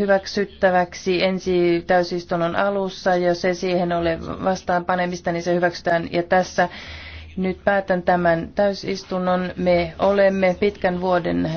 hyväksyttäväksi ensi täysistunnon alussa. Jos se siihen ole vastaan panemista, niin se hyväksytään. Ja tässä nyt päätän tämän täysistunnon. Me olemme pitkän vuoden